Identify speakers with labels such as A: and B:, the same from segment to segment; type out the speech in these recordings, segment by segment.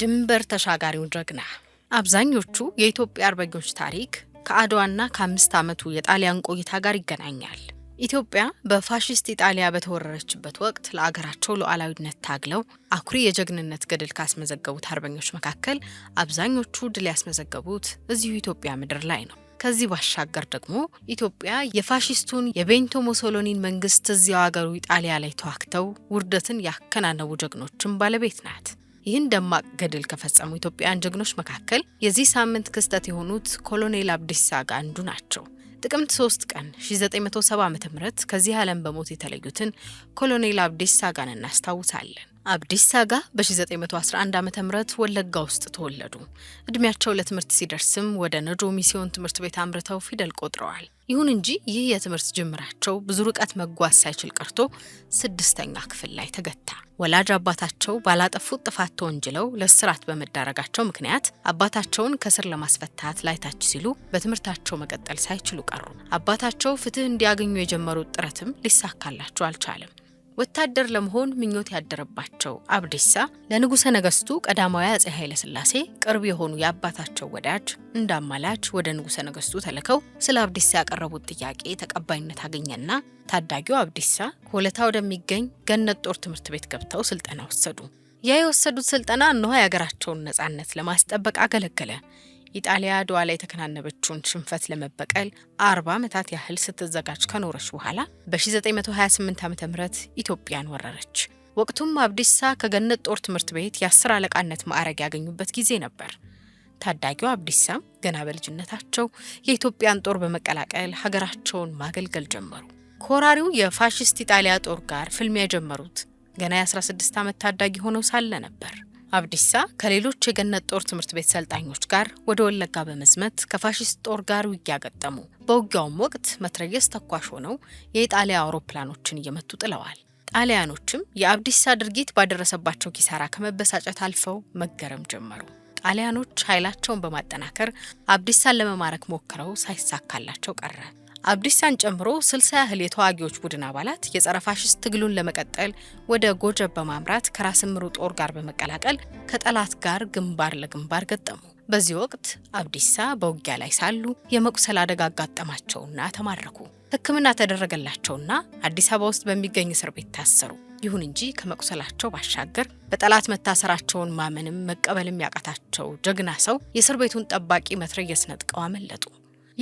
A: ድንበር ተሻጋሪው ጀግና። አብዛኞቹ የኢትዮጵያ አርበኞች ታሪክ ከአድዋና ከአምስት ዓመቱ የጣሊያን ቆይታ ጋር ይገናኛል። ኢትዮጵያ በፋሽስት ኢጣሊያ በተወረረችበት ወቅት ለአገራቸው ሉዓላዊነት ታግለው አኩሪ የጀግንነት ገድል ካስመዘገቡት አርበኞች መካከል አብዛኞቹ ድል ያስመዘገቡት እዚሁ ኢትዮጵያ ምድር ላይ ነው። ከዚህ ባሻገር ደግሞ ኢትዮጵያ የፋሽስቱን የቤንቶ ሞሶሎኒን መንግስት እዚያው አገሩ ኢጣሊያ ላይ ተዋክተው ውርደትን ያከናነቡ ጀግኖችን ባለቤት ናት። ይህን ደማቅ ገድል ከፈጸሙ ኢትዮጵያውያን ጀግኖች መካከል የዚህ ሳምንት ክስተት የሆኑት ኮሎኔል አብዲሳ አጋ አንዱ ናቸው። ጥቅምት 3 ቀን 1970 ዓ ም ከዚህ ዓለም በሞት የተለዩትን ኮሎኔል አብዲሳ አጋን እናስታውሳለን። አብዲስ አጋ በ1911 ዓ ም ወለጋ ውስጥ ተወለዱ። እድሜያቸው ለትምህርት ሲደርስም ወደ ነጆ ሚስዮን ትምህርት ቤት አምርተው ፊደል ቆጥረዋል። ይሁን እንጂ ይህ የትምህርት ጅምራቸው ብዙ ርቀት መጓዝ ሳይችል ቀርቶ ስድስተኛ ክፍል ላይ ተገታ። ወላጅ አባታቸው ባላጠፉት ጥፋት ተወንጅለው ለስራት በመዳረጋቸው ምክንያት አባታቸውን ከስር ለማስፈታት ላይታች ሲሉ በትምህርታቸው መቀጠል ሳይችሉ ቀሩ። አባታቸው ፍትህ እንዲያገኙ የጀመሩት ጥረትም ሊሳካላቸው አልቻለም። ወታደር ለመሆን ምኞት ያደረባቸው አብዲሳ ለንጉሠ ነገሥቱ ቀዳማዊ አጼ ኃይለሥላሴ ቅርብ የሆኑ የአባታቸው ወዳጅ እንዳማላች ወደ ንጉሠ ነገሥቱ ተልከው ስለ አብዲሳ ያቀረቡት ጥያቄ ተቀባይነት አገኘና ታዳጊው አብዲሳ ኮለታ ወደሚገኝ ገነት ጦር ትምህርት ቤት ገብተው ስልጠና ወሰዱ። ያ የወሰዱት ስልጠና እነሆ የሀገራቸውን ነጻነት ለማስጠበቅ አገለገለ። ኢጣሊያ ድዋ ላይ የተከናነበችውን ሽንፈት ለመበቀል አርባ ዓመታት ያህል ስትዘጋጅ ከኖረች በኋላ በ1928 ዓ ም ኢትዮጵያን ወረረች። ወቅቱም አብዲሳ ከገነት ጦር ትምህርት ቤት የአስር አለቃነት ማዕረግ ያገኙበት ጊዜ ነበር። ታዳጊው አብዲሳም ገና በልጅነታቸው የኢትዮጵያን ጦር በመቀላቀል ሀገራቸውን ማገልገል ጀመሩ። ከወራሪው የፋሽስት ኢጣሊያ ጦር ጋር ፍልሚያ የጀመሩት ገና የ16 ዓመት ታዳጊ ሆነው ሳለ ነበር። አብዲሳ ከሌሎች የገነት ጦር ትምህርት ቤት ሰልጣኞች ጋር ወደ ወለጋ በመዝመት ከፋሽስት ጦር ጋር ውጊያ ገጠሙ። በውጊያውም ወቅት መትረየስ ተኳሽ ሆነው የኢጣሊያ አውሮፕላኖችን እየመቱ ጥለዋል። ጣሊያኖችም የአብዲሳ ድርጊት ባደረሰባቸው ኪሳራ ከመበሳጨት አልፈው መገረም ጀመሩ። ጣሊያኖች ኃይላቸውን በማጠናከር አብዲሳን ለመማረክ ሞክረው ሳይሳካላቸው ቀረ። አብዲሳን ጨምሮ 60 ያህል የተዋጊዎች ቡድን አባላት የጸረ ፋሽስት ትግሉን ለመቀጠል ወደ ጎጀብ በማምራት ከራስምሩ ጦር ጋር በመቀላቀል ከጠላት ጋር ግንባር ለግንባር ገጠሙ። በዚህ ወቅት አብዲሳ በውጊያ ላይ ሳሉ የመቁሰል አደጋ አጋጠማቸውና ተማረኩ። ሕክምና ተደረገላቸውና አዲስ አበባ ውስጥ በሚገኝ እስር ቤት ታሰሩ። ይሁን እንጂ ከመቁሰላቸው ባሻገር በጠላት መታሰራቸውን ማመንም መቀበልም ያቃታቸው ጀግና ሰው የእስር ቤቱን ጠባቂ መትረየስ ነጥቀው አመለጡ።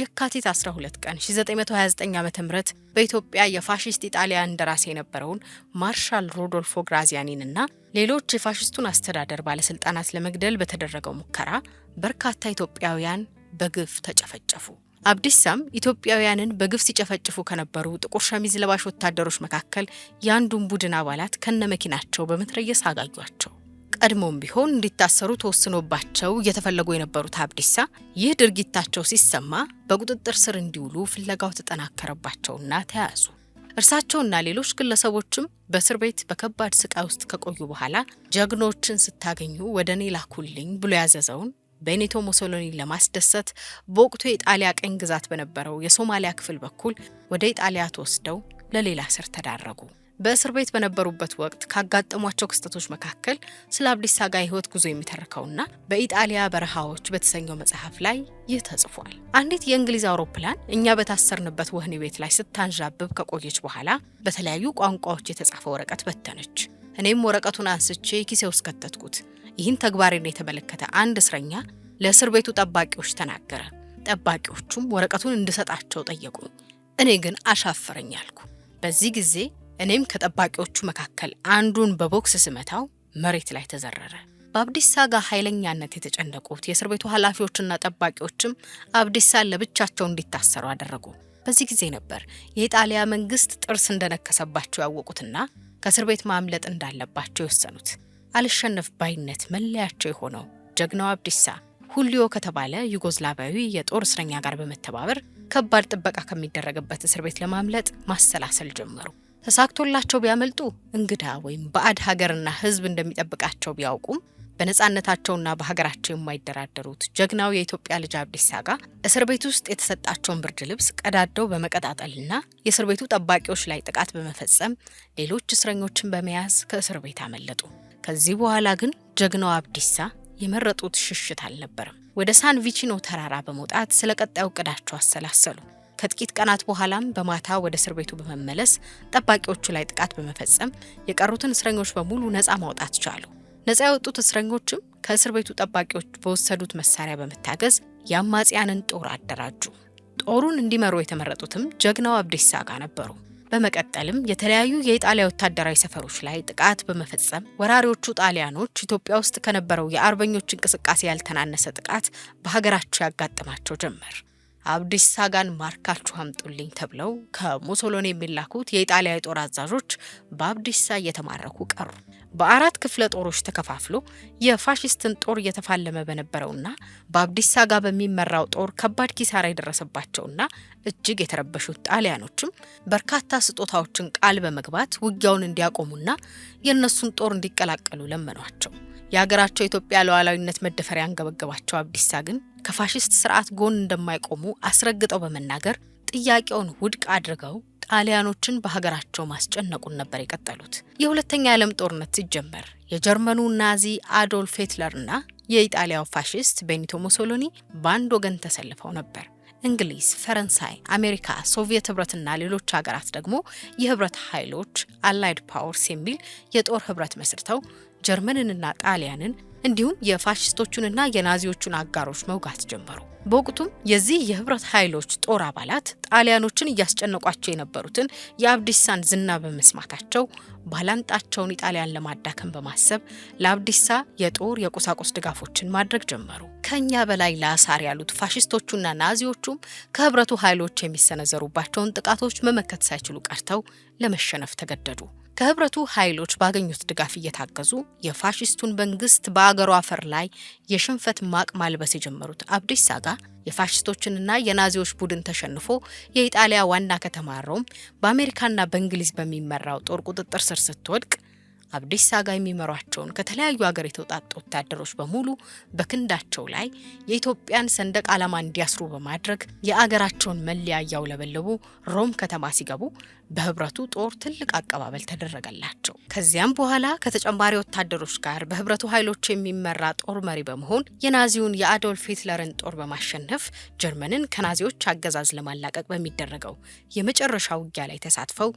A: የካቲት 12 ቀን 1929 ዓ ም በኢትዮጵያ የፋሽስት ኢጣሊያ እንደራሴ የነበረውን ማርሻል ሮዶልፎ ግራዚያኒንና ሌሎች የፋሽስቱን አስተዳደር ባለሥልጣናት ለመግደል በተደረገው ሙከራ በርካታ ኢትዮጵያውያን በግፍ ተጨፈጨፉ። አብዲሳም ኢትዮጵያውያንን በግፍ ሲጨፈጭፉ ከነበሩ ጥቁር ሸሚዝ ለባሽ ወታደሮች መካከል የአንዱን ቡድን አባላት ከነመኪናቸው በመትረየስ አጋጇቸው። ቀድሞም ቢሆን እንዲታሰሩ ተወስኖባቸው እየተፈለጉ የነበሩት አብዲሳ ይህ ድርጊታቸው ሲሰማ በቁጥጥር ስር እንዲውሉ ፍለጋው ተጠናከረባቸውና ተያዙ። እርሳቸውና ሌሎች ግለሰቦችም በእስር ቤት በከባድ ስቃይ ውስጥ ከቆዩ በኋላ ጀግኖችን ስታገኙ ወደ እኔ ላኩልኝ ብሎ ያዘዘውን ቤኒቶ ሞሶሎኒ ለማስደሰት በወቅቱ የኢጣሊያ ቀኝ ግዛት በነበረው የሶማሊያ ክፍል በኩል ወደ ኢጣሊያ ተወስደው ለሌላ ስር ተዳረጉ። በእስር ቤት በነበሩበት ወቅት ካጋጠሟቸው ክስተቶች መካከል ስለ አብዲሳ አጋ ህይወት ጉዞ የሚተርከውና በኢጣሊያ በረሃዎች በተሰኘው መጽሐፍ ላይ ይህ ተጽፏል። አንዲት የእንግሊዝ አውሮፕላን እኛ በታሰርንበት ወህኒ ቤት ላይ ስታንዣብብ ከቆየች በኋላ በተለያዩ ቋንቋዎች የተጻፈ ወረቀት በተነች። እኔም ወረቀቱን አንስቼ ኪሴ ውስጥ ከተትኩት። ይህን ተግባሬን የተመለከተ አንድ እስረኛ ለእስር ቤቱ ጠባቂዎች ተናገረ። ጠባቂዎቹም ወረቀቱን እንድሰጣቸው ጠየቁኝ። እኔ ግን አሻፈረኝ አልኩ። በዚህ ጊዜ እኔም ከጠባቂዎቹ መካከል አንዱን በቦክስ ስመታው መሬት ላይ ተዘረረ። በአብዲሳ ጋር ኃይለኛነት የተጨነቁት የእስር ቤቱ ኃላፊዎችና ጠባቂዎችም አብዲሳን ለብቻቸው እንዲታሰሩ አደረጉ። በዚህ ጊዜ ነበር የኢጣሊያ መንግስት ጥርስ እንደነከሰባቸው ያወቁትና ከእስር ቤት ማምለጥ እንዳለባቸው የወሰኑት። አልሸነፍ ባይነት መለያቸው የሆነው ጀግናው አብዲሳ ሁሊዮ ከተባለ ዩጎዝላቪያዊ የጦር እስረኛ ጋር በመተባበር ከባድ ጥበቃ ከሚደረግበት እስር ቤት ለማምለጥ ማሰላሰል ጀመሩ። ተሳክቶላቸው ቢያመልጡ እንግዳ ወይም ባዕድ ሀገርና ሕዝብ እንደሚጠብቃቸው ቢያውቁም በነፃነታቸውና በሀገራቸው የማይደራደሩት ጀግናው የኢትዮጵያ ልጅ አብዲሳ አጋ እስር ቤት ውስጥ የተሰጣቸውን ብርድ ልብስ ቀዳደው በመቀጣጠልና የእስር ቤቱ ጠባቂዎች ላይ ጥቃት በመፈጸም ሌሎች እስረኞችን በመያዝ ከእስር ቤት አመለጡ። ከዚህ በኋላ ግን ጀግናው አብዲሳ የመረጡት ሽሽት አልነበርም። ወደ ሳን ቪቺኖ ተራራ በመውጣት ስለ ቀጣዩ እቅዳቸው አሰላሰሉ። ከጥቂት ቀናት በኋላም በማታ ወደ እስር ቤቱ በመመለስ ጠባቂዎቹ ላይ ጥቃት በመፈጸም የቀሩትን እስረኞች በሙሉ ነፃ ማውጣት ቻሉ። ነፃ ያወጡት እስረኞችም ከእስር ቤቱ ጠባቂዎች በወሰዱት መሳሪያ በመታገዝ የአማጽያንን ጦር አደራጁ። ጦሩን እንዲመሩ የተመረጡትም ጀግናው አብዲሳ አጋ ነበሩ። በመቀጠልም የተለያዩ የኢጣሊያ ወታደራዊ ሰፈሮች ላይ ጥቃት በመፈጸም ወራሪዎቹ ጣሊያኖች ኢትዮጵያ ውስጥ ከነበረው የአርበኞች እንቅስቃሴ ያልተናነሰ ጥቃት በሀገራቸው ያጋጥማቸው ጀመር። አብዲስ ጋን ማርካችሁ አምጡልኝ ተብለው ከሙሶሎኒ የሚላኩት የኢጣሊያ የጦር አዛዦች በአብዲሳ እየተማረኩ ቀሩ። በአራት ክፍለ ጦሮች ተከፋፍሎ የፋሽስትን ጦር እየተፋለመ በነበረውና በአብዲሳ ጋ በሚመራው ጦር ከባድ ኪሳራ የደረሰባቸውና እጅግ የተረበሹት ጣሊያኖችም በርካታ ስጦታዎችን ቃል በመግባት ውጊያውን እንዲያቆሙና የእነሱን ጦር እንዲቀላቀሉ ለመኗቸው። የሀገራቸው ኢትዮጵያ ሉዓላዊነት መደፈር ያንገበገባቸው አብዲሳ ግን ከፋሽስት ስርዓት ጎን እንደማይቆሙ አስረግጠው በመናገር ጥያቄውን ውድቅ አድርገው ጣሊያኖችን በሀገራቸው ማስጨነቁን ነበር የቀጠሉት። የሁለተኛ ዓለም ጦርነት ሲጀመር የጀርመኑ ናዚ አዶልፍ ሂትለርና የኢጣሊያው ፋሽስት ቤኒቶ ሙሶሎኒ በአንድ ወገን ተሰልፈው ነበር። እንግሊዝ፣ ፈረንሳይ፣ አሜሪካ፣ ሶቪየት ህብረትና ሌሎች ሀገራት ደግሞ የህብረት ኃይሎች አላይድ ፓወርስ የሚል የጦር ህብረት መስርተው ጀርመንንና ጣሊያንን እንዲሁም የፋሽስቶቹንና የናዚዎቹን አጋሮች መውጋት ጀመሩ። በወቅቱም የዚህ የህብረት ኃይሎች ጦር አባላት ጣሊያኖችን እያስጨነቋቸው የነበሩትን የአብዲሳን ዝና በመስማታቸው ባላንጣቸውን ኢጣሊያን ለማዳከም በማሰብ ለአብዲሳ የጦር የቁሳቁስ ድጋፎችን ማድረግ ጀመሩ። ከእኛ በላይ ለአሳር ያሉት ፋሽስቶቹና ናዚዎቹም ከህብረቱ ኃይሎች የሚሰነዘሩባቸውን ጥቃቶች መመከት ሳይችሉ ቀርተው ለመሸነፍ ተገደዱ። ከህብረቱ ኃይሎች ባገኙት ድጋፍ እየታገዙ የፋሽስቱን መንግስት በአገሩ አፈር ላይ የሽንፈት ማቅ ማልበስ የጀመሩት አብዲሳ አጋ የፋሽስቶችንና የናዚዎች ቡድን ተሸንፎ የኢጣሊያ ዋና ከተማ ሮም በአሜሪካና በእንግሊዝ በሚመራው ጦር ቁጥጥር ስር ስትወድቅ አብዲሳ ጋ የሚመሯቸውን ከተለያዩ ሀገር የተውጣጡ ወታደሮች በሙሉ በክንዳቸው ላይ የኢትዮጵያን ሰንደቅ ዓላማ እንዲያስሩ በማድረግ የአገራቸውን መለያ እያውለበለቡ ሮም ከተማ ሲገቡ በህብረቱ ጦር ትልቅ አቀባበል ተደረገላቸው። ከዚያም በኋላ ከተጨማሪ ወታደሮች ጋር በህብረቱ ኃይሎች የሚመራ ጦር መሪ በመሆን የናዚውን የአዶልፍ ሂትለርን ጦር በማሸነፍ ጀርመንን ከናዚዎች አገዛዝ ለማላቀቅ በሚደረገው የመጨረሻ ውጊያ ላይ ተሳትፈው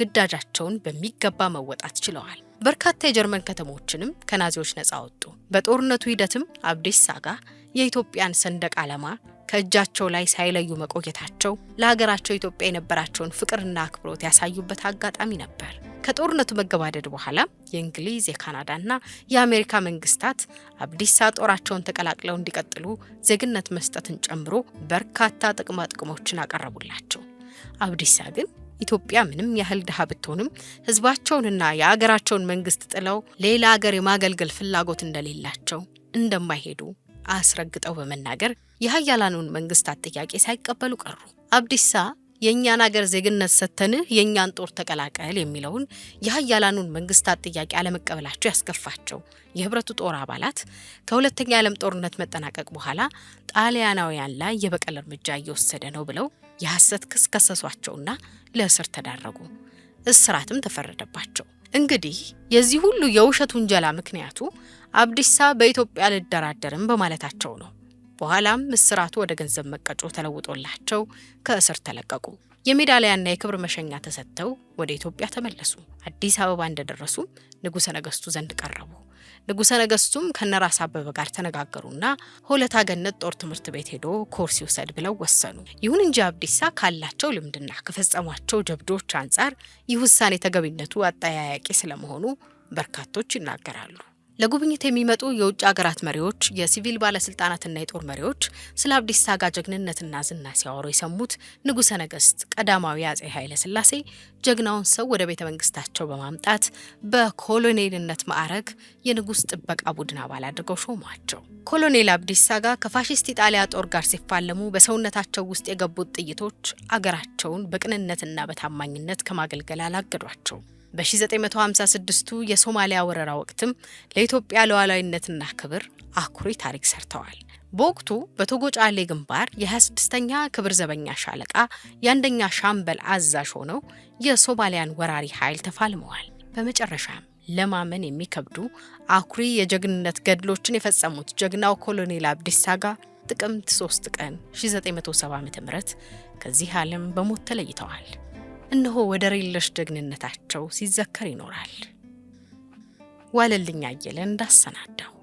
A: ግዳጃቸውን በሚገባ መወጣት ችለዋል። በርካታ የጀርመን ከተሞችንም ከናዚዎች ነፃ ወጡ። በጦርነቱ ሂደትም አብዲሳ አጋ የኢትዮጵያን ሰንደቅ ዓላማ ከእጃቸው ላይ ሳይለዩ መቆየታቸው ለሀገራቸው ኢትዮጵያ የነበራቸውን ፍቅርና አክብሮት ያሳዩበት አጋጣሚ ነበር። ከጦርነቱ መገባደድ በኋላ የእንግሊዝ የካናዳና የአሜሪካ መንግስታት አብዲሳ ጦራቸውን ተቀላቅለው እንዲቀጥሉ ዜግነት መስጠትን ጨምሮ በርካታ ጥቅማጥቅሞችን አቀረቡላቸው። አብዲሳ ግን ኢትዮጵያ ምንም ያህል ድሃ ብትሆንም ህዝባቸውንና የአገራቸውን መንግስት ጥለው ሌላ አገር የማገልገል ፍላጎት እንደሌላቸው እንደማይሄዱ አስረግጠው በመናገር የሀያላኑን መንግስታት ጥያቄ ሳይቀበሉ ቀሩ። አብዲሳ የእኛን አገር ዜግነት ሰተን የእኛን ጦር ተቀላቀል የሚለውን የሀያላኑን መንግስታት ጥያቄ አለመቀበላቸው ያስከፋቸው የህብረቱ ጦር አባላት ከሁለተኛ የዓለም ጦርነት መጠናቀቅ በኋላ ጣሊያናውያን ላይ የበቀል እርምጃ እየወሰደ ነው ብለው የሐሰት ክስ ከሰሷቸውና ለእስር ተዳረጉ። እስራትም ተፈረደባቸው። እንግዲህ የዚህ ሁሉ የውሸት ውንጀላ ምክንያቱ አብዲሳ በኢትዮጵያ አልደራደርም በማለታቸው ነው። በኋላም እስራቱ ወደ ገንዘብ መቀጮ ተለውጦላቸው ከእስር ተለቀቁ። የሜዳሊያና የክብር መሸኛ ተሰጥተው ወደ ኢትዮጵያ ተመለሱ። አዲስ አበባ እንደደረሱ ንጉሠ ነገሥቱ ዘንድ ቀረቡ። ንጉሠ ነገሥቱም ከነራስ አበበ ጋር ተነጋገሩና ሆለታ ገነት ጦር ትምህርት ቤት ሄዶ ኮርስ ይውሰድ ብለው ወሰኑ። ይሁን እንጂ አብዲሳ ካላቸው ልምድና ከፈጸሟቸው ጀብዶች አንጻር ይህ ውሳኔ ተገቢነቱ አጠያያቂ ስለመሆኑ በርካቶች ይናገራሉ። ለጉብኝት የሚመጡ የውጭ ሀገራት መሪዎች፣ የሲቪል ባለስልጣናትና የጦር መሪዎች ስለ አብዲስ አጋ ጀግንነትና ዝና ሲያወሩ የሰሙት ንጉሠ ነገሥት ቀዳማዊ አጼ ኃይለ ሥላሴ ጀግናውን ሰው ወደ ቤተ መንግስታቸው በማምጣት በኮሎኔልነት ማዕረግ የንጉሥ ጥበቃ ቡድን አባል አድርገው ሾሟቸው። ኮሎኔል አብዲስ አጋ ከፋሽስት ኢጣሊያ ጦር ጋር ሲፋለሙ በሰውነታቸው ውስጥ የገቡት ጥይቶች አገራቸውን በቅንነትና በታማኝነት ከማገልገል አላገዷቸው። በ1956ቱ የሶማሊያ ወረራ ወቅትም ለኢትዮጵያ ሉዓላዊነትና ክብር አኩሪ ታሪክ ሰርተዋል። በወቅቱ በተጎጫሌ ግንባር የ26ኛ ክብር ዘበኛ ሻለቃ የአንደኛ ሻምበል አዛዥ ሆነው የሶማሊያን ወራሪ ኃይል ተፋልመዋል። በመጨረሻም ለማመን የሚከብዱ አኩሪ የጀግንነት ገድሎችን የፈጸሙት ጀግናው ኮሎኔል አብዲሳ አጋ ጥቅምት 3 ቀን 1970 ዓ.ም ከዚህ ዓለም በሞት ተለይተዋል። እነሆ ወደር የለሽ ደግንነታቸው ሲዘከር ይኖራል። ዋለልኝ አየለ እንዳሰናዳው